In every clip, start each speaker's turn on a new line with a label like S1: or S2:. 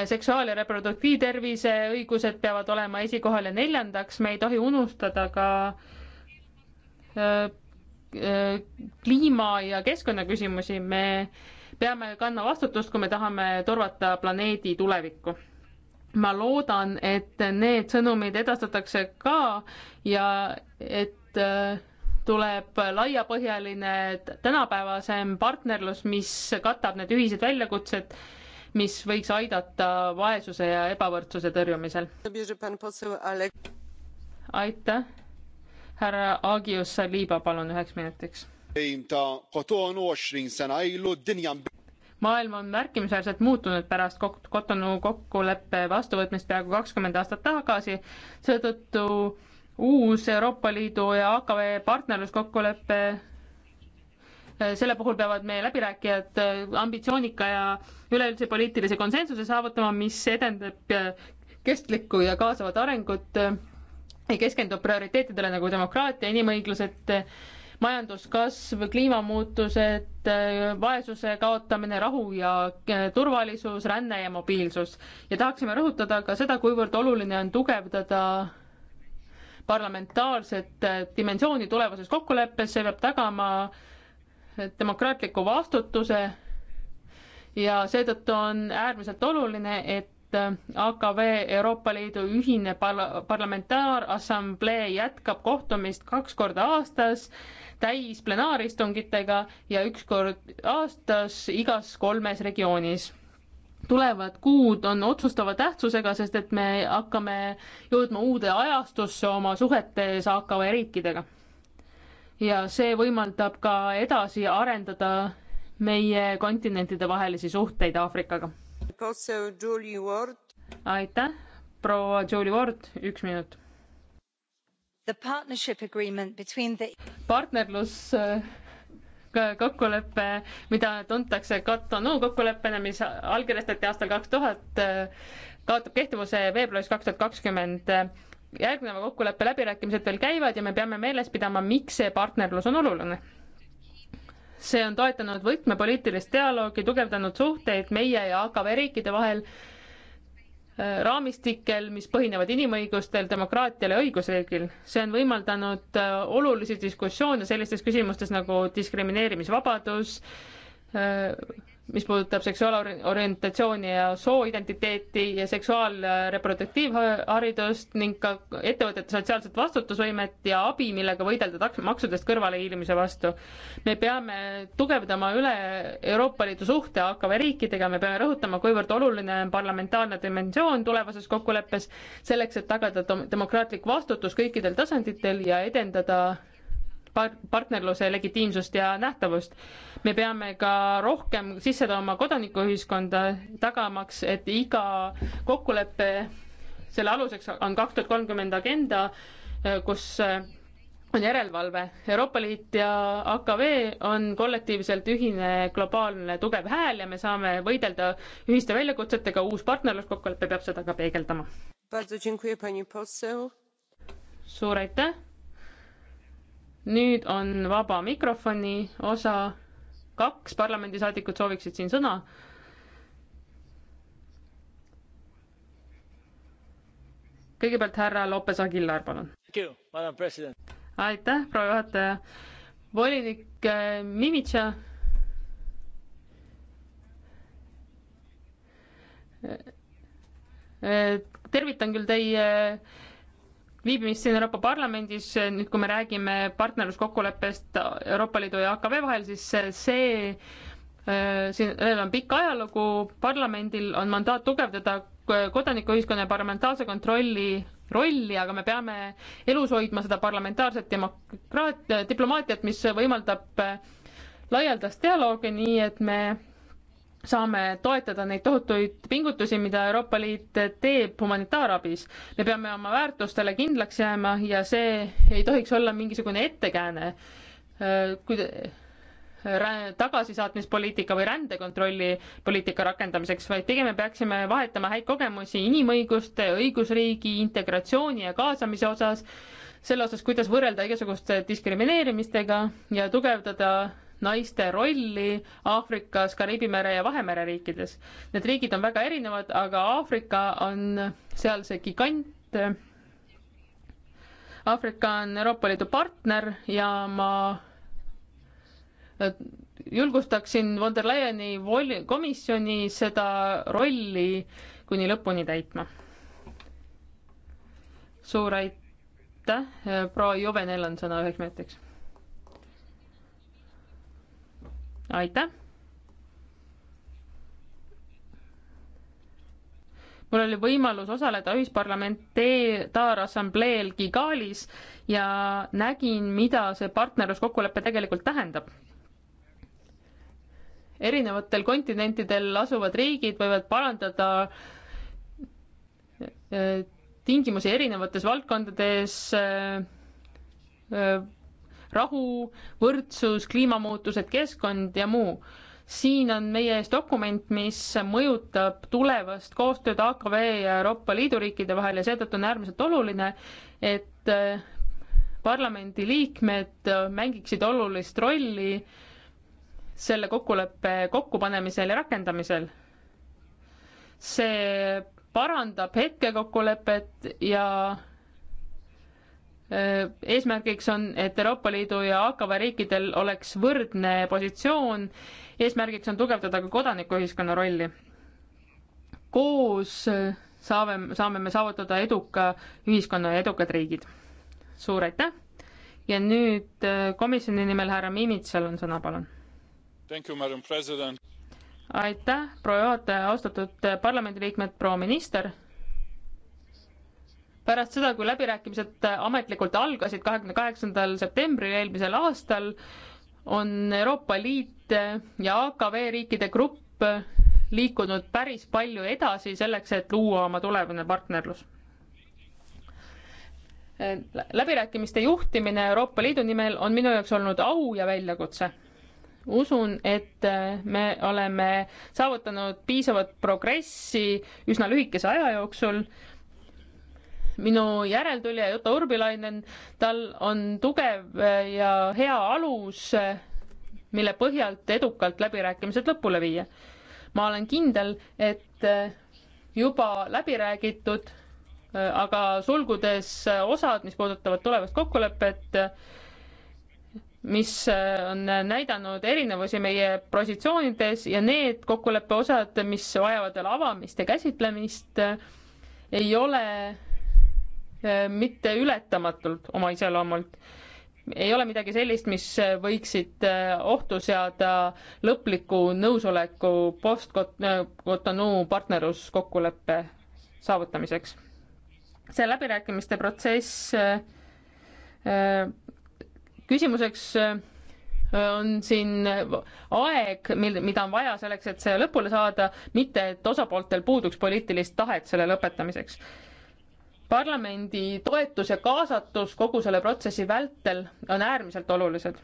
S1: seksuaal- ja reproduktiivtervise õigused peavad olema esikohal ja neljandaks, me ei tohi unustada ka öö, äh, öö, äh, kliima- ja keskkonnaküsimusi, me peame kandma vastutust, kui me tahame turvata planeedi tulevikku. ma loodan, et need sõnumid edastatakse ka ja et öö, äh, tuleb laiapõhjaline tänapäevasem partnerlus, mis katab need ühised väljakutsed mis võiks aidata vaesuse ja ebavõrdsuse tõrjumisel. aitäh, härra Agius Saliba, palun üheks minutiks. maailm on märkimisväärselt muutunud pärast Cotonou kokkuleppe vastuvõtmist peaaegu kakskümmend aastat tagasi, seetõttu uus Euroopa Liidu ja AKV partnerluskokkulepe selle puhul peavad meie läbirääkijad äh, ambitsioonika ja üleüldse poliitilise konsensuse saavutama, mis edendab äh, kestlikku ja kaasavat arengut äh, ja keskendub prioriteetidele nagu demokraatia, inimõiglused, majanduskasv, kliimamuutused, vaesuse kaotamine, rahu ja turvalisus, ränne ja mobiilsus. ja tahaksime rõhutada ka seda, kuivõrd oluline on tugevdada parlamentaarset dimensiooni tulevases kokkuleppes, see peab tagama äh, demokraatliku vastutuse ja seetõttu on äärmiselt oluline, et AKV Euroopa Liidu ühine parla-, parlamentaarassamblee jätkab kohtumist kaks korda aastas täis plenaaristungitega ja üks kord aastas igas kolmes regioonis tulevad kuud on otsustava tähtsusega, sest et me hakkame jõudma uude ajastusse oma suhetes AKV riikidega ja see võimaldab ka edasi arendada meie kontinentide vahelisi suhteid Aafrikaga. aitäh, proua Julie Ward, üks minut. partnerlus äh, kokkulepe, mida tuntakse Cotonou kokkuleppena, mis allkirjastati aastal kaks tuhat, äh, kaotab kehtivuse veebruaris kaks tuhat kakskümmend järgneva kokkuleppe läbirääkimised veel käivad ja me peame meeles pidama, miks see partnerlus on oluline. see on toetanud võtmepoliitilist dialoogi, tugevdanud suhteid meie ja AKV riikide vahel äh, raamistikel, mis põhinevad inimõigustel, demokraatial ja õigusriigil. see on võimaldanud äh, olulisi diskussioone sellistes küsimustes nagu diskrimineerimisvabadus, äh, mis puudutab seksuaalorientatsiooni ja sooidentiteeti ja seksuaalreproduktiivharidust ning ka ettevõtete sotsiaalset vastutusvõimet ja abi, millega võidelda maksudest kõrvalehiilimise vastu. me peame tugevdama üle Euroopa Liidu suhte AKV riikidega, me peame rõhutama, kuivõrd oluline on parlamentaarne dimensioon tulevases kokkuleppes, selleks et tagada demokraatlik vastutus kõikidel tasanditel ja edendada par-, partnerluse legitiimsust ja nähtavust. me peame ka rohkem sisse tooma kodanikuühiskonda, tagamaks, et iga kokkulepe, selle aluseks on kaks tuhat kolmkümmend agenda, kus on järelevalve. Euroopa Liit ja AKV on kollektiivselt ühine globaalne tugev hääl ja me saame võidelda ühiste väljakutsetega, uus partnerluskokkulepe peab seda ka peegeldama. suur aitäh! nüüd on vaba mikrofoni osa, kaks parlamendisaadikut sooviksid siin sõna. kõigepealt härra Lopez Aguilar, palun. aitäh, proua juhataja. volinik äh, Mimitša. Äh, äh, tervitan küll teie viibimist siin Euroopa Parlamendis, nüüd kui me räägime partnerluskokkuleppest Euroopa Liidu ja AKV vahel, siis see, äh, siin on pikk ajalugu, parlamendil on mandaat tugevdada kodanikuühiskonna ja parlamentaarse kontrolli rolli, aga me peame elus hoidma seda parlamentaarset demokraat-, diplomaatiat, mis võimaldab laialdast dialoogi, nii et me saame toetada neid tohutuid pingutusi, mida Euroopa Liit teeb humanitaarabis. me peame oma väärtustele kindlaks jääma ja see ei tohiks olla mingisugune ettekääne, äh, kui tagasisaatmispoliitika või rändekontrolli poliitika rakendamiseks, vaid pigem me peaksime vahetama häid kogemusi inimõiguste, õigusriigi, integratsiooni ja kaasamise osas, selle osas, kuidas võrrelda igasuguste diskrimineerimistega ja tugevdada naiste rolli Aafrikas, Kariibi mere ja Vahemere riikides. Need riigid on väga erinevad, aga Aafrika on seal see gigant. Aafrika on Euroopa Liidu partner ja ma julgustaksin von der Leyeni voli-, komisjoni seda rolli kuni lõpuni täitma. suur aitäh, proua Juvenel on sõna üheks minutiks aitäh. mul oli võimalus osaleda ühisparlamentaarassambleel Gigalis ja nägin, mida see partnerluskokkulepe tegelikult tähendab. erinevatel kontinentidel asuvad riigid võivad parandada eh, tingimusi erinevates valdkondades eh, eh, rahu, võrdsus, kliimamuutused, keskkond ja muu. siin on meie ees dokument, mis mõjutab tulevast koostööd AKV ja Euroopa Liidu riikide vahel ja seetõttu on äärmiselt oluline, et eh, parlamendi liikmed eh, mängiksid olulist rolli selle kokkuleppe kokkupanemisel ja rakendamisel. see parandab hetkekokkulepet ja Äh, eesmärgiks on, et Euroopa Liidu ja AKV riikidel oleks võrdne positsioon, eesmärgiks on tugevdada ka kodanikuühiskonna rolli. koos äh, saame, saame me saavutada eduka ühiskonna ja edukad riigid. suur aitäh ja nüüd äh, komisjoni nimel härra Mimitsal on sõna, palun. aitäh, proua juhataja, austatud parlamendiliikmed, proua minister pärast seda, kui läbirääkimised ametlikult algasid kahekümne kaheksandal septembril eelmisel aastal, on Euroopa Liit ja AKV riikide grupp liikunud päris palju edasi selleks, et luua oma tulevane partnerlus. läbirääkimiste juhtimine Euroopa Liidu nimel on minu jaoks olnud au ja väljakutse. usun, et me oleme saavutanud piisavat progressi üsna lühikese aja jooksul minu järeltulija Juta Urbilainen, tal on tugev ja hea alus, mille põhjalt edukalt läbirääkimised lõpule viia. ma olen kindel, et juba läbi räägitud, aga sulgudes osad, mis puudutavad tulevast kokkulepet, mis on näidanud erinevusi meie positsioonides ja need kokkuleppe osad, mis vajavad veel avamist ja käsitlemist, ei ole Äh, mitte ületamatult oma iseloomult. ei ole midagi sellist, mis võiksid äh, ohtu seada lõpliku nõusoleku post-Cotonou partnerluskokkuleppe saavutamiseks. see läbirääkimiste protsess äh, küsimuseks on siin aeg, mil, mida on vaja selleks, et see lõpule saada, mitte et osapooltel puuduks poliitilist tahet selle lõpetamiseks parlamendi toetus ja kaasatus kogu selle protsessi vältel on äärmiselt olulised.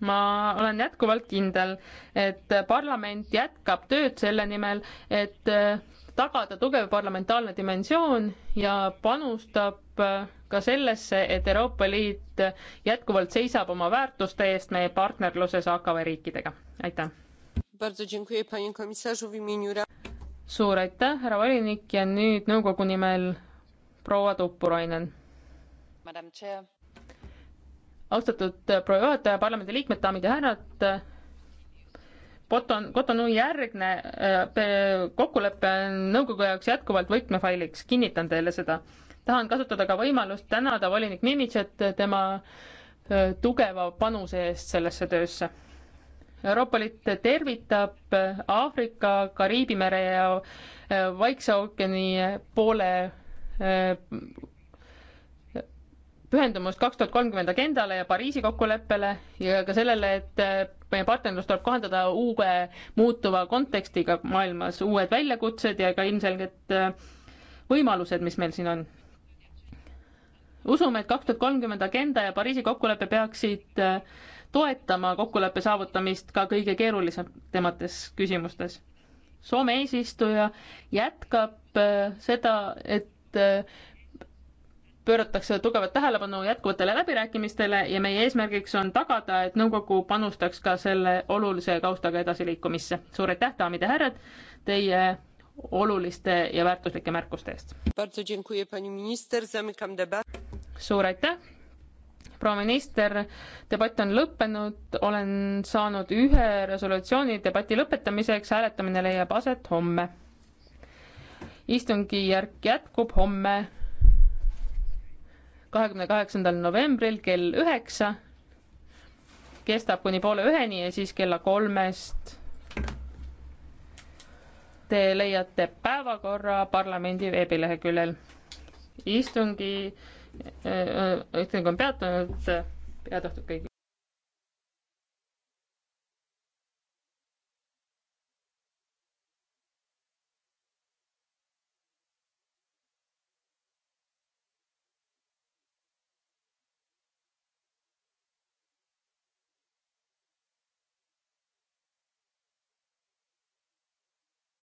S1: ma olen jätkuvalt kindel, et parlament jätkab tööd selle nimel, et äh, tagada tugev parlamentaarne dimensioon ja panustab äh, ka sellesse, et Euroopa Liit äh, jätkuvalt seisab oma väärtuste eest meie partnerluses AKV riikidega. aitäh! suur aitäh, härra volinik ja nüüd nõukogu nimel proua Tuppurainen. austatud äh, proua juhataja, parlamendiliikmed, daamid ja härrad. Boton, Cotonou järgne äh, kokkulepe on nõukogu jaoks jätkuvalt võtmefailiks, kinnitan teile seda. tahan kasutada ka võimalust tänada volinik Mimitšet tema äh, tugeva panuse eest sellesse töösse Euroopa Liit tervitab Aafrika, Kariibi mere ja Vaikse ookeani poole pühendumust kaks tuhat kolmkümmend agendale ja Pariisi kokkuleppele ja ka sellele, et äh, meie partnerlus tuleb kohandada uue muutuva kontekstiga maailmas, uued väljakutsed ja ka ilmselged äh, võimalused, mis meil siin on. usume, et kaks tuhat kolmkümmend agenda ja Pariisi kokkulepe peaksid äh, toetama kokkuleppe saavutamist ka kõige keerulisemates küsimustes Soome eesistuja jätkab seda, et et äh, pööratakse tugevat tähelepanu jätkuvatele läbirääkimistele ja meie eesmärgiks on tagada, et nõukogu panustaks ka selle olulise kaustaga edasiliikumisse. suur aitäh, daamid ja härrad, teie oluliste ja väärtuslike märkuste eest. suur aitäh, proua minister, debatt on lõppenud, olen saanud ühe resolutsiooni debati lõpetamiseks, hääletamine leiab aset homme istungijärk jätkub homme, kahekümne kaheksandal novembril kell üheksa, kestab kuni poole üheni ja siis kella kolmest te leiate päevakorra parlamendi veebileheküljel. istungi, äh, äh, istung on peatunud, head õhtut kõigile!